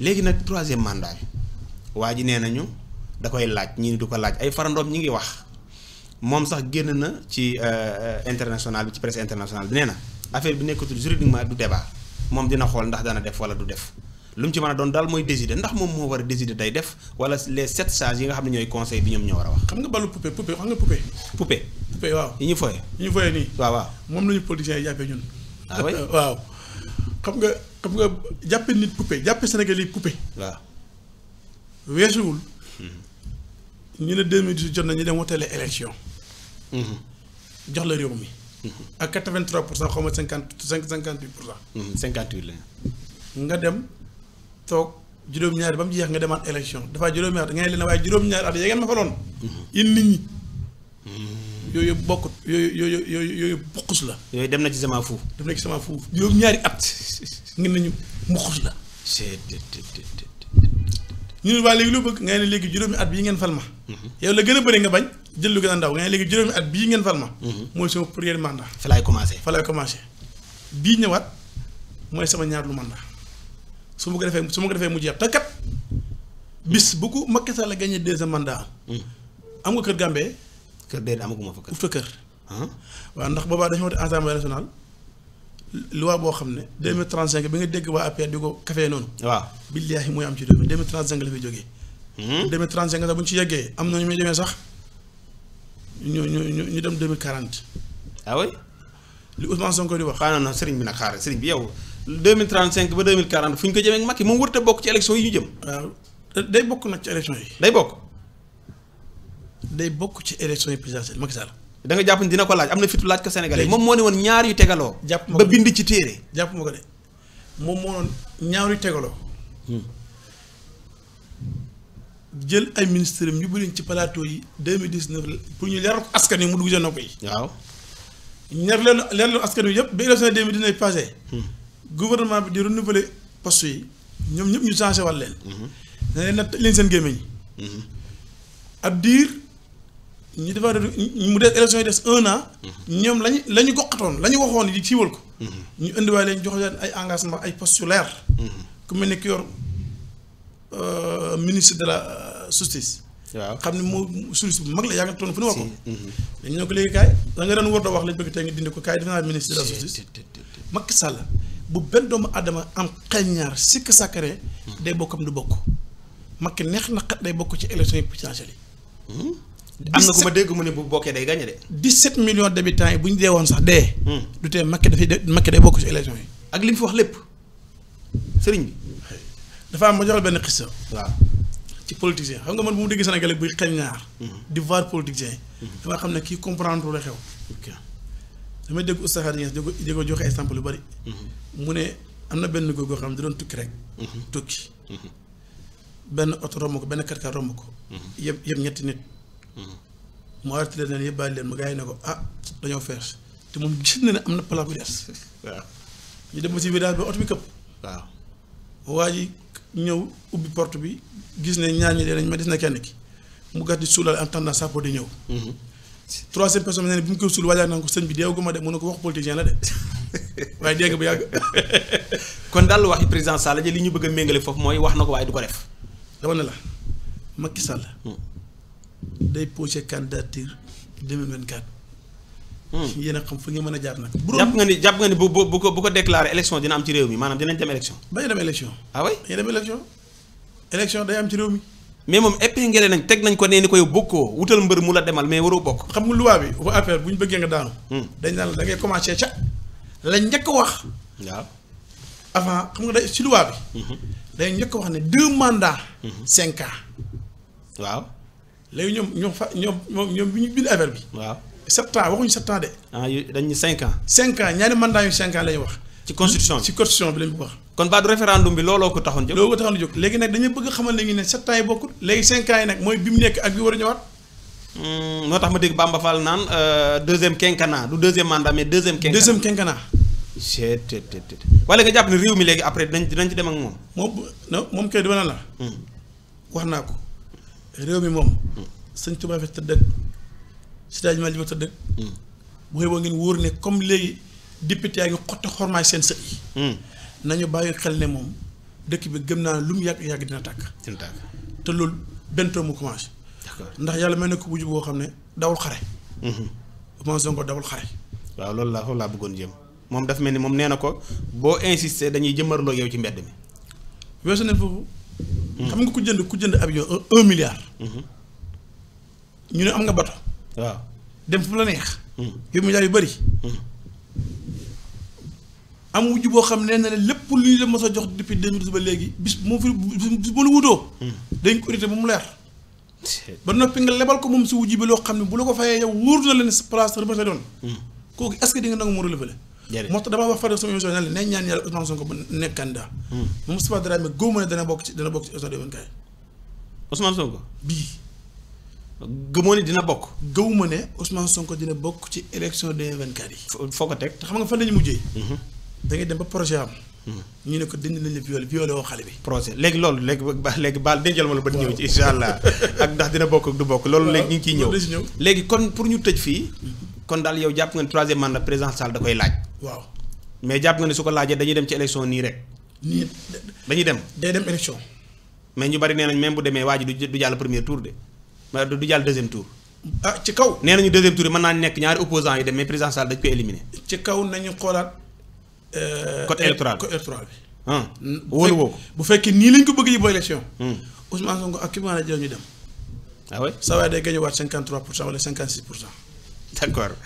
léegi nag troisième mandat bi waa ji nee nañu da koy laaj ñii du ko laaj ay farandoom ñi ngi wax moom sax génn na ci euh, international bi ci presse internationale bi nee na affaire bi nekkatul juridiquement du débat moom dina xool ndax dana def wala du def lu mu ci mën a doon daal mooy décider ndax moom moo war a décider day def wala les sept sages yi nga xam ne ñooy conseil bi ñoom ñoo war a wax. xam nga balu poupée poupée xam nga poupée. poupée poupée waaw ñu foyee. yi ñu xam nga xam nga jàppe nit poupée jàppe Sénégal yi poupée. waaw weesuwul. Mhm. ñu ne 2018 jot na ñu dem woteele élection. Mhm. jox la réew mi. Mhm. ak 83 pour cent xaw ma 50 58 pour cent. 58 la nga dem toog juróom-ñaari ba mu jeex nga demaat élection dafa juróom-ñaari da ngay leen waaye juróom-ñaari at ya ngeen ma faloon. yéen nit ñi. yooyu bokkut yooyu yooyu yooyu yooyu la. yooyu dem na ci sama fuuf. dem na ci sama fuuf juróom ñaari at ngeen nañu muqus la. ñu ne waa léegi lu bëgg nga ne léegi juróomi at bii ngeen fal ma. Mhm. yow la gën a bëri nga bañ jël lu gën a ndaw nga ne léegi juróomi at bii ngeen fal ma. Mhm. mooy sama premier mandat. fa laay commencé fa commencé. bii ñëwaat mooy sama ñaar lu mandat su ma ko defee su ma ko defee mu jeex te kat bis bu ko Macky la gagné deuxième mandat am mhm. nga kër kër dee amaguma fa kër. ut fa kër. Ah? waaw ndax boobaa dañoo woote assemblée nationale loi boo xam ne 2035 bi nga dégg waa APR di ko kafee noonu. waaw billaahi mooy am ci réew mi 2035 la fi jógee. 2035 hmm? sax bu ñu ci yeggee am na ñu muy demee sax ñu ñu ñu ñu dem 2040. ah oui. li Ousmane Sonko di wax. na sëriñ bi nag xaaral sëriñ bi yow 2035 ba 2040 fu ñu ko jëmee ak Macky moom wërta bokk ci élection yi ñu jëm. waaw day bokk nag ci élection yi. day bokk. day bokk ci élection yi présidentielle Macky Sall da nga jàpp ni dina ko laaj am na fitu laaj ko Sénégalais yi moom moo ne woon ñaar yu tegaloo. jàpp ma ko jàpp ko de moom moo noon ñaar yu tegaloo. Hmm. jël ay ministres ñu bëriñ ci plateau yi 2019 pour ñu leeral ko askan wi mu dugg seen nopp yi. waaw ñaar leerlu leerlu askan wi yëpp ba élection dina passé. Hmm. gouvernement bi di renouveler poste yi ñoom ñëpp ñu changé wàll leen. Hmm. na leen na seen gémmiñ ab diir. ñu defar mu des élection yi des un an. ñoom lañu la ñu goqatoon la ñu waxoon di siiwal ko. ñu indiwaale leen jox leen ay engagement ay postulaire ku mel ne ki yor euh, ministre de la euh, justice. waaw xam ne moo solution bu mag la yàgg toon fu ñu wax ko. Mhm. dañu ne ko léegi kaay da nga war a wax lañ bëgg tey nga dindi ko kaay def naa ministre de la justice. Macky Sall bu benn doomu adama am xel ñaar sikk sàkkare hmm. day bokkam du bokk Macky neex na xat day bokk ci élection yi présidentielles yi. Hmm? am na ku ma dégg mu ne bu bokkee day gagné de. 17 millions d'habitants yi bu ñu dee woon sax dee. Hmm. du tee Macky dafay de Macky day bokk ci élection yi. ak li mu fi wax lépp sëriñ bi. dafa am ma joxal benn xissa waaw ci politicien xam ma man bu mu déggee buy xel ñaar. Hmm. di voir politicien. Hmm. dama xam ne kii comprendre lu xew. damay dégg Oustaz Khady Niass di ko joxe exemple yu bari. mu ne am na benn góor goo xam ne da doon tukki rek. tukki. benn oto romb ko benn kàr kàr romb ko. yëpp yëpp ñetti nit. mu arrêté leen yëpp baa leen ma gars yi ne ko ah dañoo fees te moom gis na ne am na plan bu des waaw ñu dem ba si village ba oto bi këpp waaw waa ji ñëw ubbi port bi gis ne ñaar ñi dee nañ ma des na kenn ki mu gas di suulal en attendant sappo di ñëw mm-hmm. troisième personne nee na bi mu koy suul waajal naa ko sëñ bi deewu ma de mun na ko wax politicien la de waaye dégg nga bu yàgg kon daal waxi président Sall li ñu bëgg méngale foofu mooy wax na ko waaye du ko def dama ne la Macky Sall mm. day poser candidature 2024. Hmm. yéen a xam fu ngeen mën a jaar nag. bu jàpp nga ni jàpp nga bu bu ko bu ko déclaré élection dina am ci réew mi maanaam dinañ dem élection. bañ dem élection. ah oui dañuy dem élection. élection day am ci réew mi. mais moom épinglé nañ teg nañ ko nee ni ko yow bokkoo wutal mbër mu la demal mais waroo bokk. xam nga loi bi bu affaire bu ñu bëggee nga daanu. Hmm. dañ naan da ngay commencé ca lañ njëkk wax. waaw avant xam nga day ci loi bi. Hmm. dañ njëkk wax ne deux mandats. cinq ans léegi ñoom ñoo fa ñoom moom ñoom bi ñu bind affaire bi. waaw sept ans waxuñu sept ans de. ah yooyu dañuy cinq ans. cinq ans ñaari mandat yu cinq ans la wax. ci constitution bi ci constitution bi lañ ko wax. kon baatu référendum bi looloo ko taxoon jóg. looloo ko taxoon jóg léegi nag dañu bëgg xamal léegi ne sept ans yi bokkul. léegi cinq ans yi nag mooy bi mu nekk ak bi war a ñëwaat. Hmm, moo tax ma dégg Bamba Fall naan euh, deuxième quinquennat du deuxième mandat mais deuxième. quinquennat deuxième quinquennat. c'est tout tout tout wala nga jàpp ne réew mi léegi après dinañ dinañ ci dem ak moom. moom moom kay dama na la. Hmm. wax naa ko mi moom sëñ Tuubaa fi tëdd ak sëñ Maalik fi tëdd ak hmm. bu xëy boo ngeen wóor ne comme léegi député yaa ngi xotti xormaay seen sët yi hmm. nañu bàyyi xel ne moom dëkk bi gëm naa lu mu yàgg yàgg dina tàkk te loolu bentoo mu commencé ndax yàlla mel ne ko wujju boo xam ne dawul xare hmm. Ousmane Sonko dawul xare waaw loolu laa foofu laa bëggoon jëm moom dafa mel ni moom nee na ko boo insister dañuy jëmbarloo yow ci mbedd mi weesu ne foofu xam nga ko jënd ku jënd avion un ñu ne am nga bato. waaw dem fu la neex. yow mi daal yu bëri. Hmm. am wujj boo xam ne na ne lépp luy la mos a jox depuis 2012 ba léegi bis moom fi bis ba lu wutoo. Hmm. dañ ko urité ba mu leer. ba noppi nga lebal ko moom si wujj bi loo xam ne bu la ko fayee yow wóor na la ne sa place remonté doon. Hmm. kooku est ce que di nga nangu nekk candidat. moom dana bokk ci dana bokk ci émission de Ousmane Sonko. bii. gëmoo ne dina bokk. gëwuma ne Ousmane Sonko dina bokk ci élection 2024 yi. foo ko teg te xam nga fan lañu mujjee. Mhm. da ngay dem ba projet am. Mhm. ñu ne ko dindi nañ la violé violé woo xale bi. projet léegi loolu léegi ba léegi baal dencal ma la ba ñëw ci incha allah ak ndax dina bokk ak du bokk. loolu léegi ñu ngi ciy ñëw léegi kon pour ñu tëj fii. Mhm. kon daal yow jàpp nga ne man na président Sall da koy laaj. waaw mais jàpp nga ne su ko laajee dañuy dem ci élection nii rek. nii dem. day dem élection. ñu bari nee nañ même bu demee waa ji du jàll premier tour de ma du jàll deuxième tour. ah ci kaw. nee nañu deuxième tour yi mën naa nekk ñaari opposants yi dem mais président Sall dañ koy éliminer. ci kaw nañu xoolaat. Euh, code électoral bi. Ah, wóolu woo bu fekkee nii lañ ko bëgg yi ba élection. Hmm. Ousmane Sonko ak ki mu àndal ñu dem. ah oui saa waay day gañewaat 53 pour cent wala 56 pour cent. d'accord.